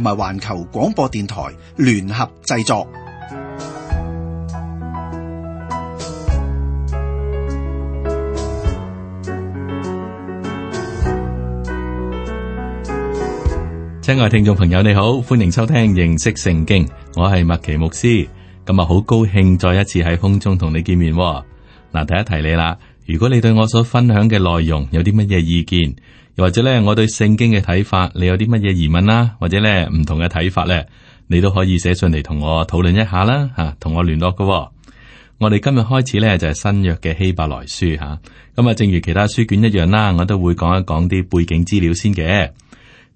同埋環球廣播電台聯合製作，親愛聽眾朋友你好，歡迎收聽認識聖經，我係麥奇牧師，咁啊好高興再一次喺空中同你見面，嗱，第一提你啦。如果你對我所分享嘅內容有啲乜嘢意見，又或者咧，我對聖經嘅睇法，你有啲乜嘢疑問啦，或者咧唔同嘅睇法咧，你都可以寫上嚟，同我討論一下啦，吓，同我聯絡噶喎。我哋今日開始咧就係新約嘅希伯來書吓，咁啊，正如其他書卷一樣啦，我都會講一講啲背景資料先嘅。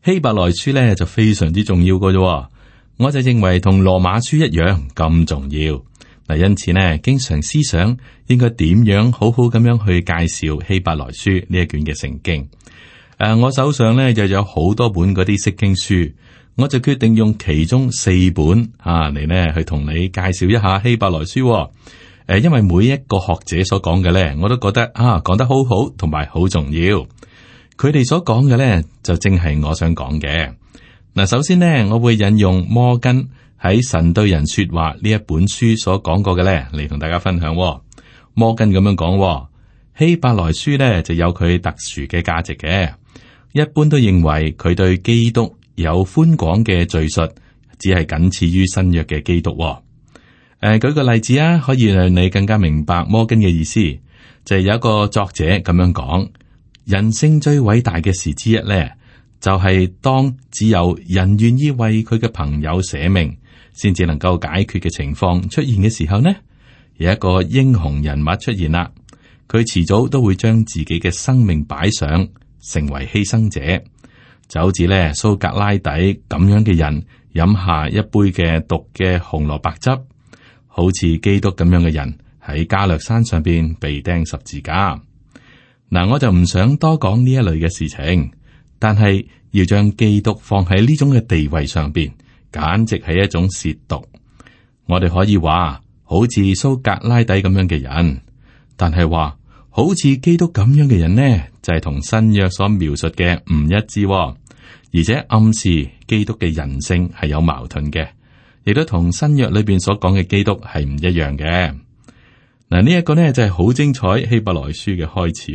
希伯來書咧就非常之重要噶啫，我就認為同羅馬書一樣咁重要。因此呢，經常思想應該點樣好好咁樣去介紹希伯來書呢一卷嘅聖經。誒、啊，我手上呢又有好多本嗰啲釋經書，我就決定用其中四本啊嚟，呢去同你介紹一下希伯來書。誒、哦啊，因為每一個學者所講嘅呢，我都覺得啊講得好好，同埋好重要。佢哋所講嘅呢，就正係我想講嘅。嗱、啊，首先呢，我會引用摩根，喺神對人說話呢一本書所講過嘅呢，嚟同大家分享。摩根咁樣講，希伯來書呢就有佢特殊嘅價值嘅。一般都認為佢對基督有寬廣嘅敘述只係僅次於新約嘅基督。誒、呃，舉個例子啊，可以讓你更加明白摩根嘅意思。就係、有一個作者咁樣講，人性最偉大嘅事之一呢，就係、是、當只有人願意為佢嘅朋友捨命。」先至能夠解決嘅情況出現嘅時候呢，有一個英雄人物出現啦，佢遲早都會將自己嘅生命擺上，成為犧牲者，就好似咧蘇格拉底咁樣嘅人，飲下一杯嘅毒嘅紅蘿蔔汁，好似基督咁樣嘅人喺加略山上邊被釘十字架。嗱，我就唔想多講呢一類嘅事情，但係要將基督放喺呢種嘅地位上邊。簡直係一種褻瀆。我哋可以話，好似蘇格拉底咁樣嘅人，但係話好似基督咁樣嘅人呢，就係、是、同新約所描述嘅唔一致、哦，而且暗示基督嘅人性係有矛盾嘅，亦都同新約裏邊所講嘅基督係唔一樣嘅。嗱，呢一個呢就係好精彩希伯來書嘅開始。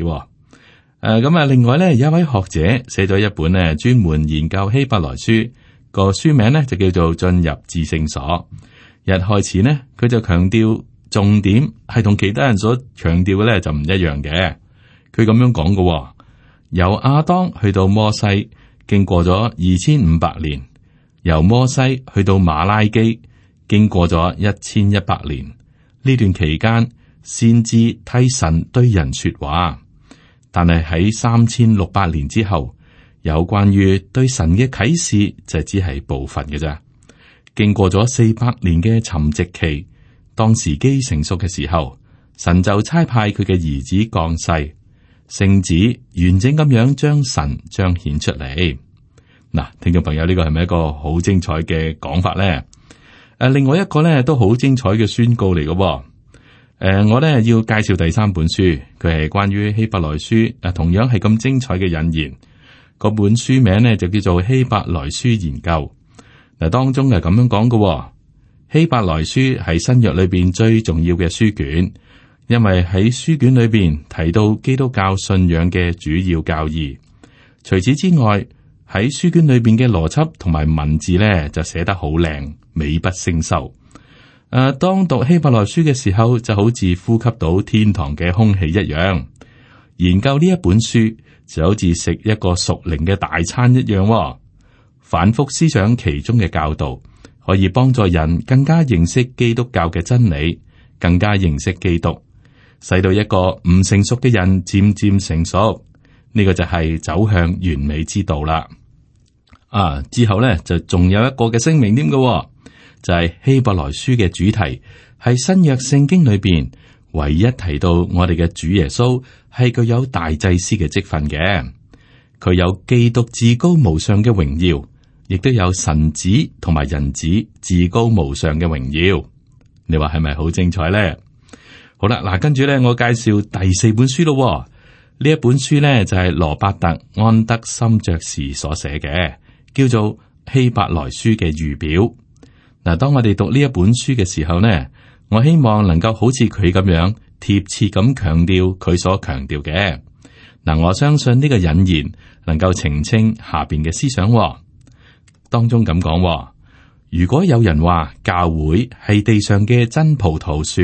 誒，咁啊，另外呢有一位學者寫咗一本呢，專門研究希伯來書。個書名咧就叫做進入至聖所。一開始呢，佢就強調重點係同其他人所強調嘅咧就唔一樣嘅。佢咁樣講嘅，由亞當去到摩西，經過咗二千五百年；由摩西去到馬拉基，經過咗一千一百年。呢段期間，先知替神對人說話，但係喺三千六百年之後。有關於對神嘅啟示，就只係部分嘅啫。經過咗四百年嘅沉寂期，當時機成熟嘅時候，神就差派佢嘅兒子降世，聖子完整咁樣將神彰顯出嚟。嗱，聽眾朋友，呢個係咪一個好精彩嘅講法咧？誒，另外一個咧都好精彩嘅宣告嚟嘅，哦。誒、呃，我咧要介紹第三本書，佢係關於希伯來書，同樣係咁精彩嘅引言。個本書名呢，就叫做《希伯來書研究》，嗱，當中係咁樣講嘅：希伯來書係新約裏邊最重要嘅書卷，因為喺書卷裏邊提到基督教信仰嘅主要教義。除此之外，喺書卷裏邊嘅邏輯同埋文字呢，就寫得好靚，美不勝收。誒、啊，當讀希伯來書嘅時候，就好似呼吸到天堂嘅空氣一樣。研究呢一本書，就好似食一個熟齡嘅大餐一樣，哦，反覆思想其中嘅教導，可以幫助人更加認識基督教嘅真理，更加認識基督，使到一個唔成熟嘅人漸漸成熟。呢、這個就係走向完美之道啦。啊，之後呢，就仲有一個嘅聲明添嘅，就係、是、希伯來書嘅主題喺新約聖經裏邊。唯一提到我哋嘅主耶穌係具有大祭司嘅職份嘅，佢有基督至高無上嘅榮耀，亦都有神子同埋人子至高無上嘅榮耀。你話係咪好精彩咧？好啦，嗱，跟住咧，我介紹第四本書咯。呢一本書咧就係羅伯特安德森爵士所寫嘅，叫做《希伯來書》嘅預表。嗱，當我哋讀呢一本書嘅時候咧。我希望能夠好似佢咁樣貼切咁強調佢所強調嘅嗱，我相信呢個引言能夠澄清下邊嘅思想。當中咁講，如果有人話教會係地上嘅真葡萄樹，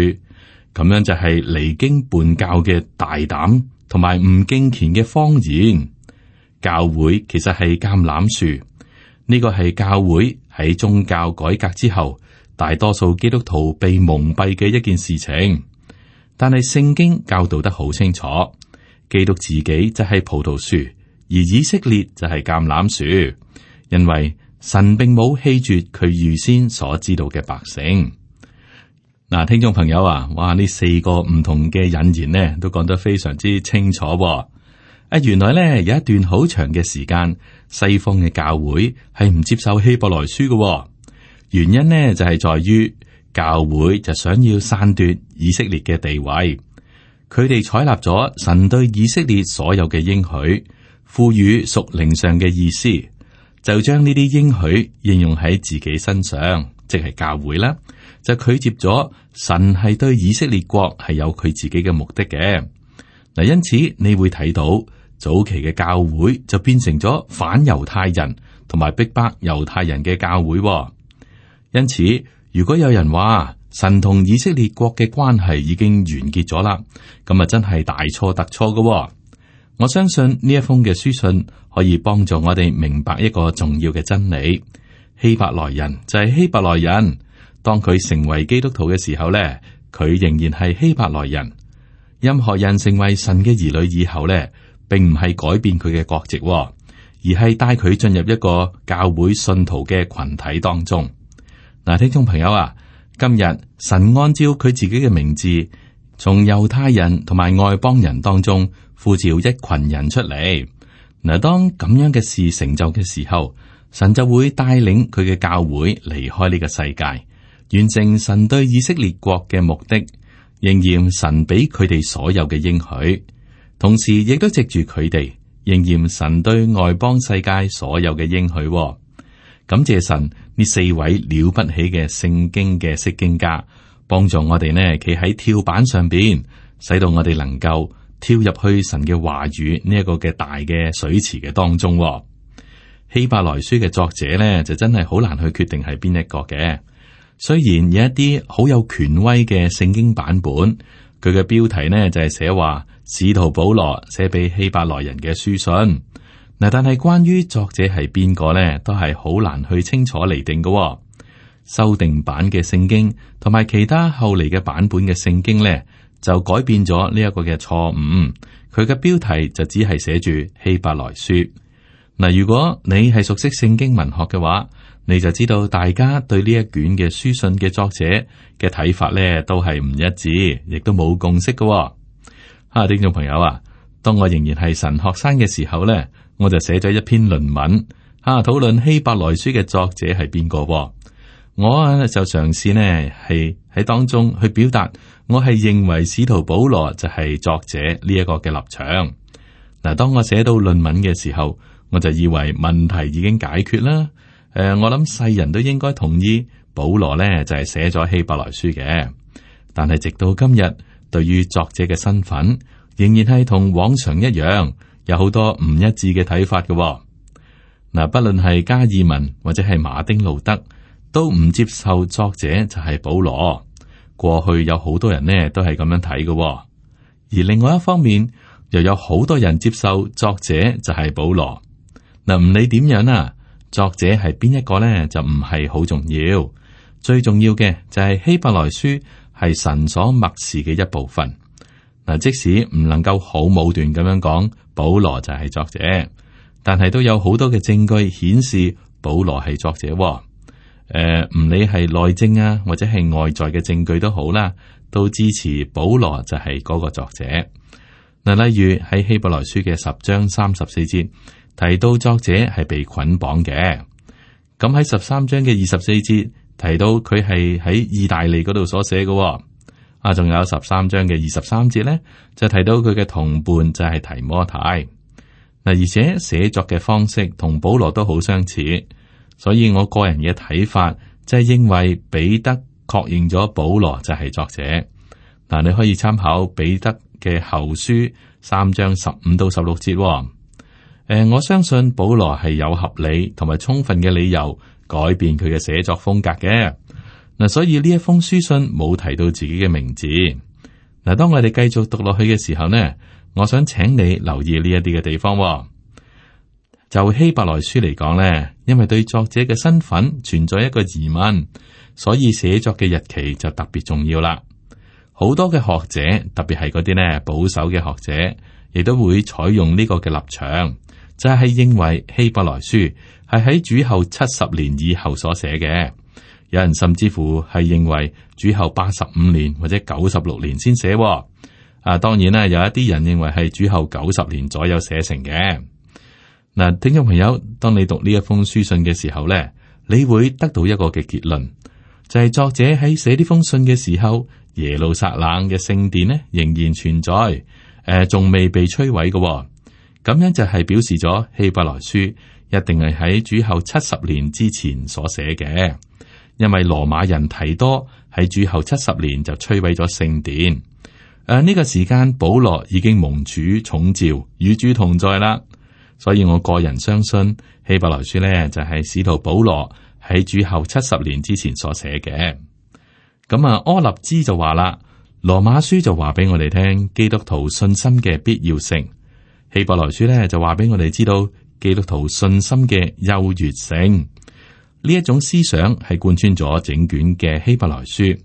咁樣就係離經叛教嘅大膽同埋唔敬虔嘅謊言。教會其實係橄欖樹，呢個係教會喺宗教改革之後。大多數基督徒被蒙蔽嘅一件事情，但係聖經教導得好清楚，基督自己即係葡萄樹，而以色列就係橄欖樹，因為神並冇棄絕佢預先所知道嘅百姓。嗱，聽眾朋友啊，哇，呢四個唔同嘅引言呢，都講得非常之清楚。啊，原來呢有一段好長嘅時間，西方嘅教會係唔接受希伯來書嘅。原因呢，就係、是、在於教會就想要散奪以色列嘅地位，佢哋採納咗神對以色列所有嘅應許，賦予屬靈上嘅意思，就將呢啲應許應用喺自己身上，即係教會啦，就拒絕咗神係對以色列國係有佢自己嘅目的嘅。嗱，因此你會睇到早期嘅教會就變成咗反猶太人同埋逼迫猶太人嘅教會。因此，如果有人話神同以色列國嘅關係已經完結咗啦，咁啊真係大錯特錯噶喎。我相信呢一封嘅書信可以幫助我哋明白一個重要嘅真理：希伯來人就係希伯來人。當佢成為基督徒嘅時候咧，佢仍然係希伯來人。任何人成為神嘅兒女以後咧，並唔係改變佢嘅國籍，而係帶佢進入一個教會信徒嘅群體當中。嗱，聽眾朋友啊，今日神按照佢自己嘅名字，從猶太人同埋外邦人當中呼召一群人出嚟。嗱，當咁樣嘅事成就嘅時候，神就會帶領佢嘅教會離開呢個世界，完成神對以色列國嘅目的，應驗神俾佢哋所有嘅應許，同時亦都藉住佢哋應驗神對外邦世界所有嘅應許。感謝神。呢四位了不起嘅聖經嘅釋經家，幫助我哋呢企喺跳板上邊，使到我哋能夠跳入去神嘅話語呢一個嘅大嘅水池嘅當中哦。希伯來書嘅作者呢就真係好難去決定係邊一個嘅，雖然有一啲好有權威嘅聖經版本，佢嘅標題呢就係寫話使徒保羅寫俾希伯來人嘅書信。嗱，但係關於作者係邊個呢，都係好難去清楚釐定噶喎。修訂版嘅聖經同埋其他後嚟嘅版本嘅聖經呢，就改變咗呢一個嘅錯誤。佢嘅標題就只係寫住希伯來書。嗱，如果你係熟悉聖經文學嘅話，你就知道大家對呢一卷嘅書信嘅作者嘅睇法呢，都係唔一致，亦都冇共識噶喎。哈、啊，聽眾朋友啊，當我仍然係神學生嘅時候呢。我就寫咗一篇論文吓，啊，討論希伯來書嘅作者係邊個。我就嘗試呢，係喺當中去表達，我係認為使徒保羅就係作者呢一個嘅立場。嗱、啊，當我寫到論文嘅時候，我就以為問題已經解決啦。誒、啊，我諗世人都應該同意保羅呢就係寫咗希伯來書嘅。但係直到今日，對於作者嘅身份，仍然係同往常一樣。有好多唔一致嘅睇法嘅嗱、哦啊，不論係加爾文或者係馬丁路德，都唔接受作者就係保羅。過去有好多人呢都係咁樣睇嘅、哦，而另外一方面又有好多人接受作者就係保羅嗱。唔理點樣啊，作者係邊一個呢就唔係好重要。最重要嘅就係希伯來書係神所默示嘅一部分嗱、啊，即使唔能夠好武斷咁樣講。保羅就係作者，但係都有好多嘅證據顯示保羅係作者、哦。誒、呃，唔理係內證啊，或者係外在嘅證據都好啦，都支持保羅就係嗰個作者。嗱，例如喺希伯來書嘅十章三十四節提到作者係被捆綁嘅，咁喺十三章嘅二十四節提到佢係喺意大利嗰度所寫嘅、哦。啊，仲有十三章嘅二十三節咧，就提到佢嘅同伴就係提摩太嗱，而且寫作嘅方式同保羅都好相似，所以我個人嘅睇法，即係因為彼得確認咗保羅就係作者嗱，你可以參考彼得嘅後書三章十五到十六節，誒、呃，我相信保羅係有合理同埋充分嘅理由改變佢嘅寫作風格嘅。嗱，所以呢一封書信冇提到自己嘅名字。嗱，當我哋繼續讀落去嘅時候呢，我想請你留意呢一啲嘅地方。就希伯來書嚟講呢，因為對作者嘅身份存在一個疑問，所以寫作嘅日期就特別重要啦。好多嘅學者，特別係嗰啲呢保守嘅學者，亦都會採用呢個嘅立場，就係認為希伯來書係喺主後七十年以後所寫嘅。有人甚至乎係認為主後八十五年或者九十六年先寫、哦、啊。當然啦，有一啲人認為係主後九十年左右寫成嘅。嗱、啊。聽眾朋友，當你讀呢一封書信嘅時候呢，你會得到一個嘅結論，就係、是、作者喺寫呢封信嘅時候，耶路撒冷嘅聖殿呢仍然存在誒，仲、啊、未被摧毀嘅、哦。咁樣就係表示咗希伯來書一定係喺主後七十年之前所寫嘅。因為羅馬人提多喺主後七十年就摧毀咗聖殿，誒、呃、呢、這個時間保羅已經蒙主寵召與主同在啦，所以我個人相信希伯來書呢就係、是、使徒保羅喺主後七十年之前所寫嘅。咁、嗯、啊，柯立茲就話啦，羅馬書就話俾我哋聽基督徒信心嘅必要性，希伯來書呢就話俾我哋知道基督徒信心嘅優越性。呢一種思想係貫穿咗整卷嘅希伯來書，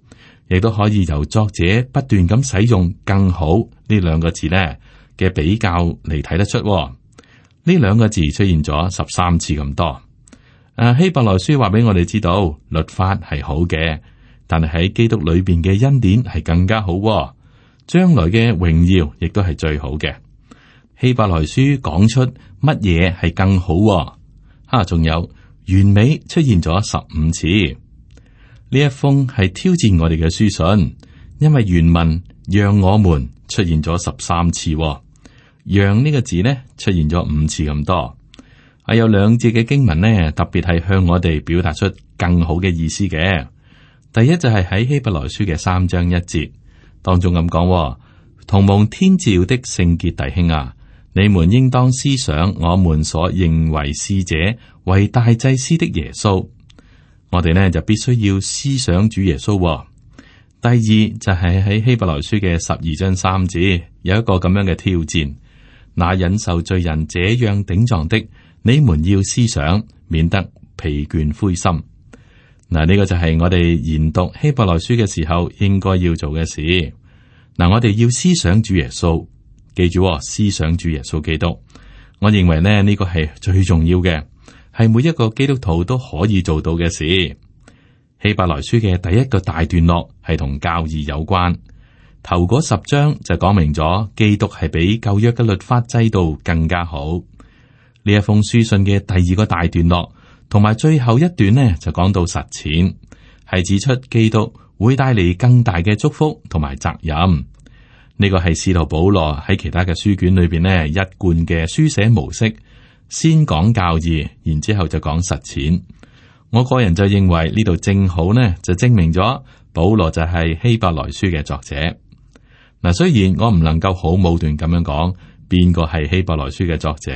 亦都可以由作者不斷咁使用更好呢兩個字咧嘅比較嚟睇得出。呢兩個字出現咗十三次咁多。誒，希伯來書話俾我哋知道律法係好嘅，但係喺基督裏邊嘅恩典係更加好，將來嘅榮耀亦都係最好嘅。希伯來書講出乜嘢係更好？哈、啊，仲有。完美出現咗十五次，呢一封，係挑戰我哋嘅書信，因為原文讓我們出現咗十三次，讓呢個字呢出現咗五次咁多。係、啊、有兩節嘅經文呢，特別係向我哋表達出更好嘅意思嘅。第一就係喺希伯來書嘅三章一節當中咁講，同蒙天照的聖潔弟兄啊，你們應當思想我們所認為使者。為大祭司的耶穌，我哋呢就必須要思想主耶穌、哦。第二就係、是、喺希伯來書嘅十二章三子有一個咁樣嘅挑戰，那忍受罪人這樣頂撞的，你們要思想，免得疲倦灰心。嗱，呢、這個就係我哋研讀希伯來書嘅時候應該要做嘅事。嗱，我哋要思想主耶穌，記住、哦、思想主耶穌基督。我認為呢呢、這個係最重要嘅。係每一個基督徒都可以做到嘅事。希伯來書嘅第一個大段落係同教義有關，頭嗰十章就講明咗基督係比舊約嘅律法制度更加好。呢一封書信嘅第二個大段落同埋最後一段呢，就講到實踐，係指出基督會帶嚟更大嘅祝福同埋責任。呢個係使徒保羅喺其他嘅書卷裏邊呢一貫嘅書寫模式，先講教義，然之後就講實踐。我個人就認為呢度正好呢就證明咗保羅就係希伯來書嘅作者。嗱，雖然我唔能夠好武斷咁樣講邊個係希伯來書嘅作者，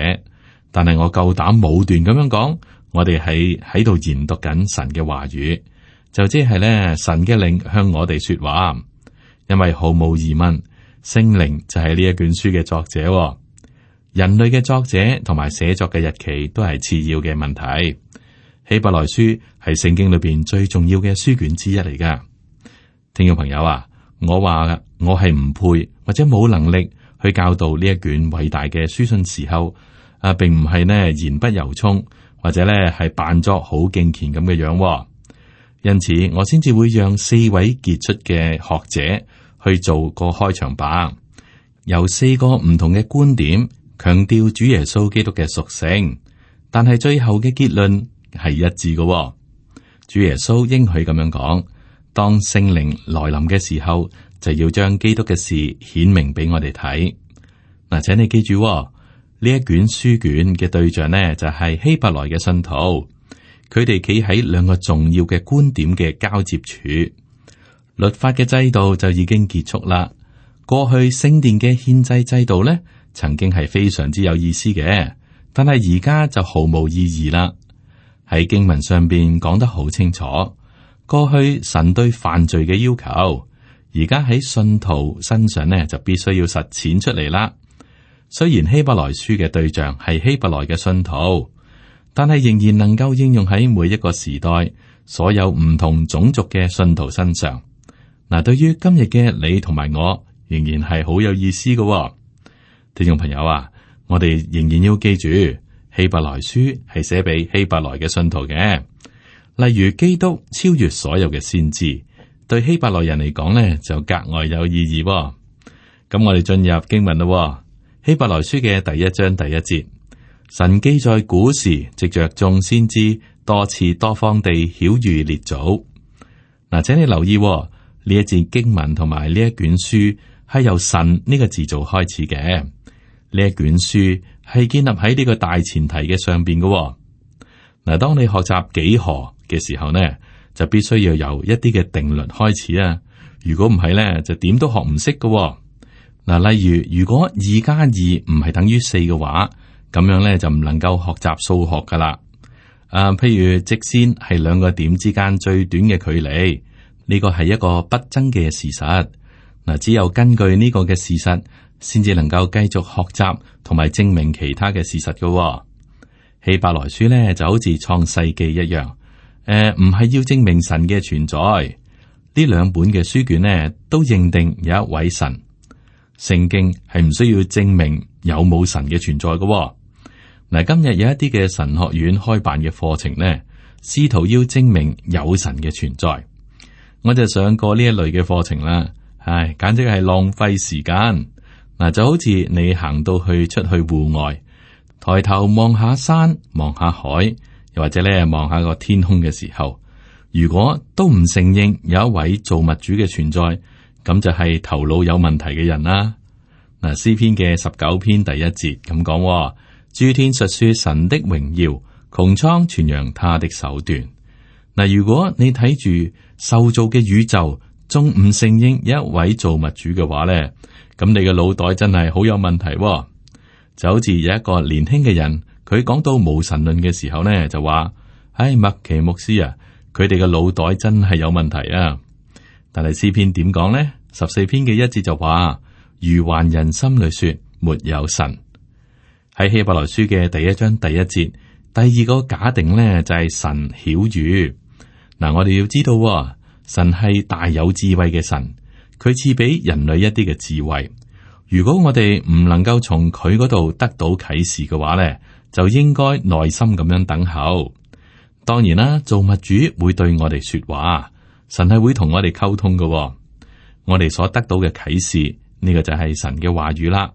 但係我夠膽武斷咁樣講，我哋喺喺度研讀緊神嘅話語，就即係咧神嘅靈向我哋說話。因為毫無疑問，聖靈就係、是、呢一卷書嘅作者。人類嘅作者同埋寫作嘅日期都係次要嘅問題。希伯來書係聖經裏邊最重要嘅書卷之一嚟噶。聽眾朋友啊，我話我係唔配或者冇能力去教導呢一卷偉大嘅書信時候啊，並唔係呢言不由衷或者呢係扮作好敬虔咁嘅樣。因此，我先至會讓四位傑出嘅學者去做個開場白，由四個唔同嘅觀點。強調主耶穌基督嘅屬性，但係最後嘅結論係一致嘅，哦。主耶穌應許咁樣講：當聖靈來臨嘅時候，就要將基督嘅事顯明俾我哋睇。嗱，請你記住喎，呢一卷書卷嘅對象呢，就係、是、希伯來嘅信徒。佢哋企喺兩個重要嘅觀點嘅交接處，律法嘅制度就已經結束啦。過去聖殿嘅憲制制度呢？曾經係非常之有意思嘅，但係而家就毫無意義啦。喺經文上邊講得好清楚，過去神對犯罪嘅要求，而家喺信徒身上呢，就必須要實踐出嚟啦。雖然希伯來書嘅對象係希伯來嘅信徒，但係仍然能夠應用喺每一個時代所有唔同種族嘅信徒身上。嗱、啊，對於今日嘅你同埋我，仍然係好有意思㗎、哦。聽眾朋友啊，我哋仍然要記住希伯來書係寫俾希伯來嘅信徒嘅。例如基督超越所有嘅先知，對希伯來人嚟講呢，就格外有意義喎。咁我哋進入經文咯、哦。希伯來書嘅第一章第一節，神既在古時藉着眾先知多次多方地曉諭列祖。嗱，請你留意喎，呢一節經文同埋呢一卷書係由神呢個字做開始嘅。呢一卷書係建立喺呢個大前提嘅上邊嘅。嗱，當你學習幾何嘅時候呢，就必須要由一啲嘅定律開始啊。如果唔係呢，就點都學唔識嘅。嗱，例如如果二加二唔係等於四嘅話，咁樣呢就唔能夠學習數學噶啦。啊，譬如直線係兩個點之間最短嘅距離，呢個係一個不爭嘅事實。嗱，只有根據呢個嘅事實。先至能夠繼續學習同埋證明其他嘅事實嘅。哦《希伯來書》咧，就好似創世記一樣。誒、呃，唔係要證明神嘅存在。呢兩本嘅書卷呢，都認定有一位神。聖經係唔需要證明有冇神嘅存在嘅。嗱，今日有一啲嘅神學院開辦嘅課程呢，試圖要證明有神嘅存在，我就上過呢一類嘅課程啦。唉，簡直係浪費時間。嗱，就好似你行到去出去戶外，抬頭望下山，望下海，又或者咧望下個天空嘅時候，如果都唔承認有一位造物主嘅存在，咁就係頭腦有問題嘅人啦。嗱，詩篇嘅十九篇第一節咁講：，諸天述說神的榮耀，穹蒼傳揚他的手段。嗱，如果你睇住受造嘅宇宙，仲唔承認有一位造物主嘅話咧？咁你嘅腦袋真係好有問題、啊，就好似有一個年輕嘅人，佢講到無神論嘅時候呢，就話：，唉、哎，麥奇牧師啊，佢哋嘅腦袋真係有問題啊！但係詩篇點講呢？十四篇嘅一節就話：，愚頑人心裏說，沒有神。喺希伯來書嘅第一章第一節，第二個假定呢，就係、是、神曉諭。嗱、啊，我哋要知道、啊，神係大有智慧嘅神。佢賜俾人類一啲嘅智慧，如果我哋唔能夠從佢嗰度得到啟示嘅話咧，就應該耐心咁樣等候。當然啦，造物主會對我哋說話，神係會同我哋溝通嘅。我哋所得到嘅啟示，呢、這個就係神嘅話語啦。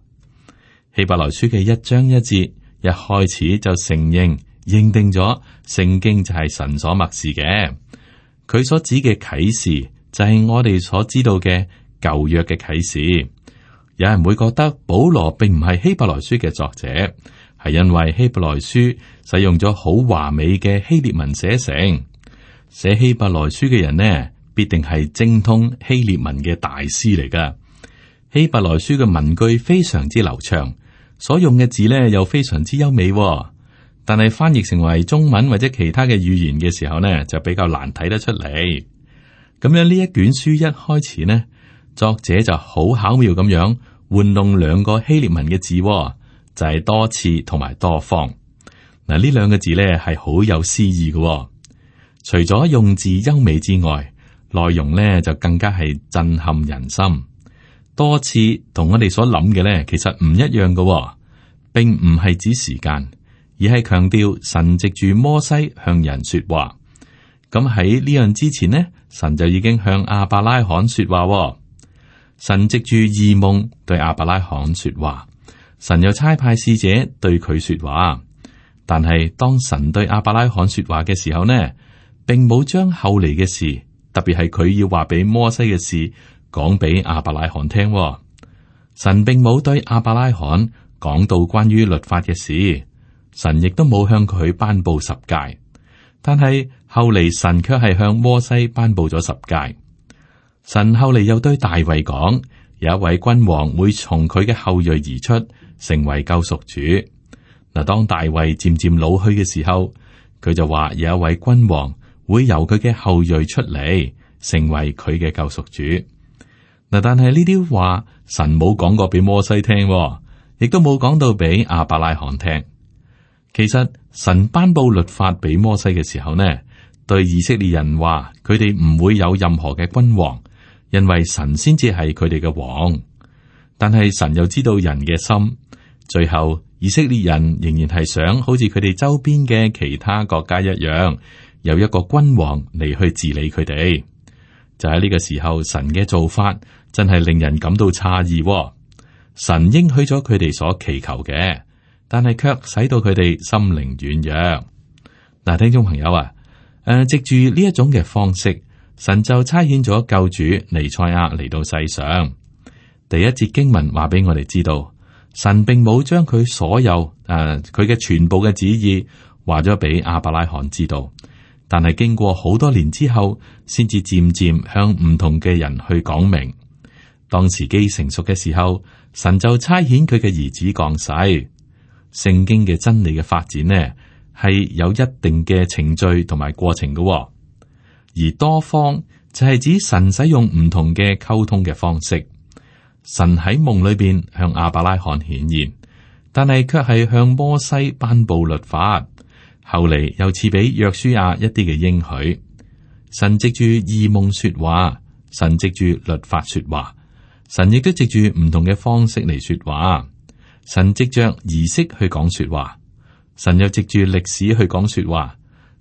希伯來書嘅一章一節一開始就承認認定咗，聖經就係神所默示嘅，佢所指嘅啟示。就係我哋所知道嘅舊約嘅啟示，有人會覺得保羅並唔係希伯來書嘅作者，係因為希伯來書使用咗好華美嘅希臘文寫成，寫希伯來書嘅人呢必定係精通希臘文嘅大師嚟㗎。希伯來書嘅文句非常之流暢，所用嘅字呢又非常之優美，哦，但係翻譯成為中文或者其他嘅語言嘅時候呢就比較難睇得出嚟。咁樣呢一卷書一開始呢，作者就好巧妙咁樣玩弄兩個希臘文嘅字，就係多次同埋多方。嗱，呢兩個字咧係好有詩意嘅，除咗用字優美之外，內容咧就更加係震撼人心。多次同我哋所諗嘅咧，其實唔一樣嘅，並唔係指時間，而係強調神藉住摩西向人說話。咁喺呢樣之前呢，神就已經向亞伯拉罕說話，神藉住異夢對亞伯拉罕說話，神又差派使者對佢說話。但係當神對亞伯拉罕說話嘅時候呢，並冇將後嚟嘅事，特別係佢要話俾摩西嘅事講俾亞伯拉罕聽。神並冇對亞伯拉罕講到關於律法嘅事，神亦都冇向佢頒布十誡。但係。後嚟神卻係向摩西頒布咗十誡，神後嚟又對大衛講：有一位君王會從佢嘅後裔而出，成為救贖主。嗱，當大衛漸漸老去嘅時候，佢就話：有一位君王會由佢嘅後裔出嚟，成為佢嘅救贖主。嗱，但係呢啲話神冇講過俾摩西聽喎，亦都冇講到俾亞伯拉罕聽。其實神頒布律法俾摩西嘅時候呢？對以色列人話，佢哋唔會有任何嘅君王，因為神先至係佢哋嘅王。但係神又知道人嘅心，最後以色列人仍然係想好似佢哋周邊嘅其他國家一樣，有一個君王嚟去治理佢哋。就喺呢個時候，神嘅做法真係令人感到詫異喎。神應許咗佢哋所祈求嘅，但係卻使到佢哋心靈軟弱。嗱，聽眾朋友啊。誒，藉住呢一種嘅方式，神就差遣咗救主彌賽亞嚟到世上。第一節經文話俾我哋知道，神並冇將佢所有誒佢嘅全部嘅旨意話咗俾亞伯拉罕知道，但係經過好多年之後，先至漸漸向唔同嘅人去講明。當時機成熟嘅時候，神就差遣佢嘅兒子降世。聖經嘅真理嘅發展呢？係有一定嘅程序同埋過程嘅喎，而多方就係指神使用唔同嘅溝通嘅方式。神喺夢裏邊向亞伯拉罕顯現，但係卻係向摩西頒布律法，後嚟，又賜俾約書亞一啲嘅應許。神藉住異夢說話，神藉住律法說話，神亦都藉住唔同嘅方式嚟說話。神藉着儀式去講說話。神又藉住歷史去講說話，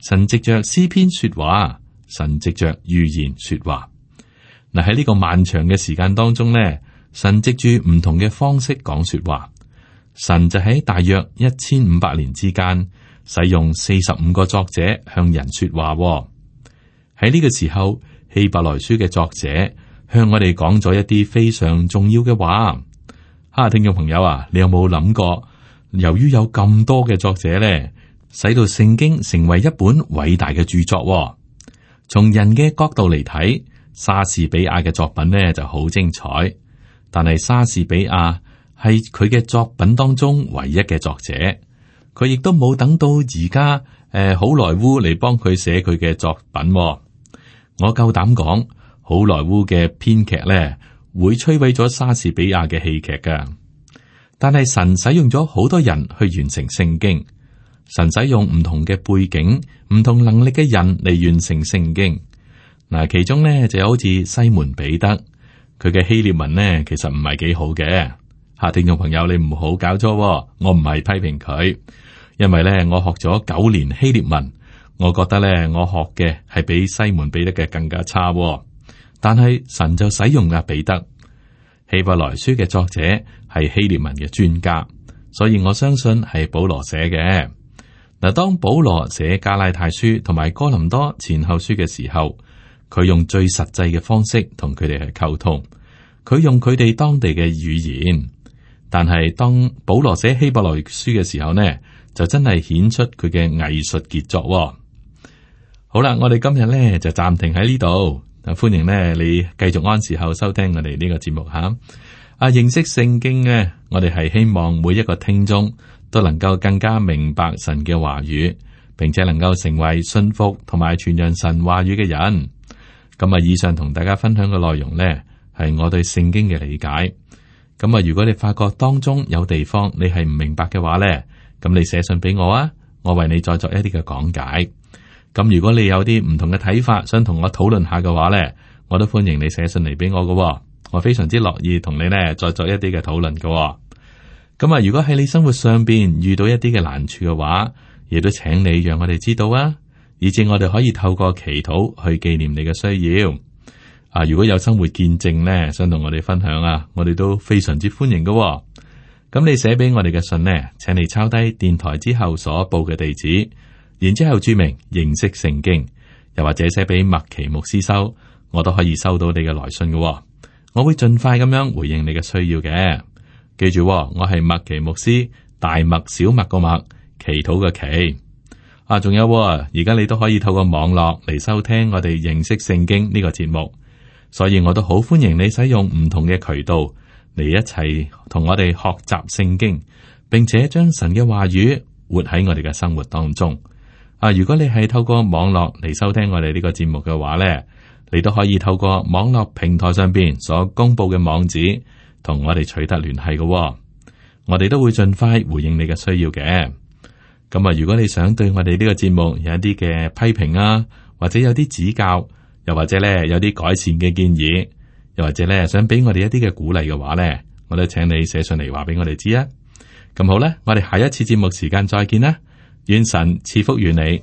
神藉着詩篇說話，神藉着預言說話。嗱，喺呢個漫長嘅時間當中呢，神藉住唔同嘅方式講說話。神就喺大約一千五百年之間，使用四十五個作者向人說話。喺呢個時候，希伯來書嘅作者向我哋講咗一啲非常重要嘅話。哈、啊，聽眾朋友啊，你有冇諗過？由於有咁多嘅作者咧，使到聖經成為一本偉大嘅著作喎。從人嘅角度嚟睇，莎士比亞嘅作品咧就好精彩。但係莎士比亞係佢嘅作品當中唯一嘅作者，佢亦都冇等到而家誒好萊塢嚟幫佢寫佢嘅作品喎。我夠膽講，好萊塢嘅編劇咧會摧毀咗莎士比亞嘅戲劇㗎。但係神使用咗好多人去完成聖經，神使用唔同嘅背景、唔同能力嘅人嚟完成聖經。嗱、啊，其中咧就好似西門彼得，佢嘅希臘文咧其實唔係幾好嘅。聽眾朋友你唔好搞錯、哦，我唔係批評佢，因為咧我學咗九年希臘文，我覺得咧我學嘅係比西門彼得嘅更加差、哦。但係神就使用阿彼得，希伯來書嘅作者。係希臘文嘅專家，所以我相信係保羅寫嘅。嗱，當保羅寫加拉太書同埋哥林多前後書嘅時候，佢用最實際嘅方式同佢哋去溝通，佢用佢哋當地嘅語言。但係當保羅寫希伯來書嘅時候呢，就真係顯出佢嘅藝術傑作哦。好啦，我哋今日呢就暫停喺呢度，歡迎呢你繼續安時候收聽我哋呢個節目吓。啊！認識聖經呢，我哋係希望每一個聽眾都能夠更加明白神嘅話語，並且能夠成為信服同埋傳揚神話語嘅人。咁啊，以上同大家分享嘅內容呢，係我對聖經嘅理解。咁啊，如果你發覺當中有地方你係唔明白嘅話呢，咁你寫信俾我啊，我為你再作一啲嘅講解。咁如果你有啲唔同嘅睇法，想同我討論下嘅話呢，我都歡迎你寫信嚟俾我噶。我非常之樂意同你呢再作一啲嘅討論嘅。咁啊，如果喺你生活上邊遇到一啲嘅難處嘅話，亦都請你讓我哋知道啊，以至我哋可以透過祈禱去紀念你嘅需要啊。如果有生活見證呢，想同我哋分享啊，我哋都非常之歡迎嘅喎。咁你寫俾我哋嘅信呢，請你抄低電台之後所報嘅地址，然之後注明認識聖經，又或者寫俾麥奇牧師收，我都可以收到你嘅來信嘅喎。我會盡快咁樣回應你嘅需要嘅，記住我係麥奇牧師，大麥小麥個麥，祈禱嘅祈啊，仲有而家你都可以透過網絡嚟收聽我哋認識聖經呢個節目，所以我都好歡迎你使用唔同嘅渠道嚟一齊同我哋學習聖經，並且將神嘅話語活喺我哋嘅生活當中啊！如果你係透過網絡嚟收聽我哋呢個節目嘅話呢。你都可以透過網絡平台上邊所公布嘅網址，同我哋取得聯繫嘅，我哋都會盡快回應你嘅需要嘅。咁、嗯、啊，如果你想對我哋呢個節目有一啲嘅批評啊，或者有啲指教，又或者咧有啲改善嘅建議，又或者咧想俾我哋一啲嘅鼓勵嘅話咧，我都請你寫上嚟話俾我哋知啊。咁、嗯、好咧，我哋下一次節目時間再見啦，願神賜福與你。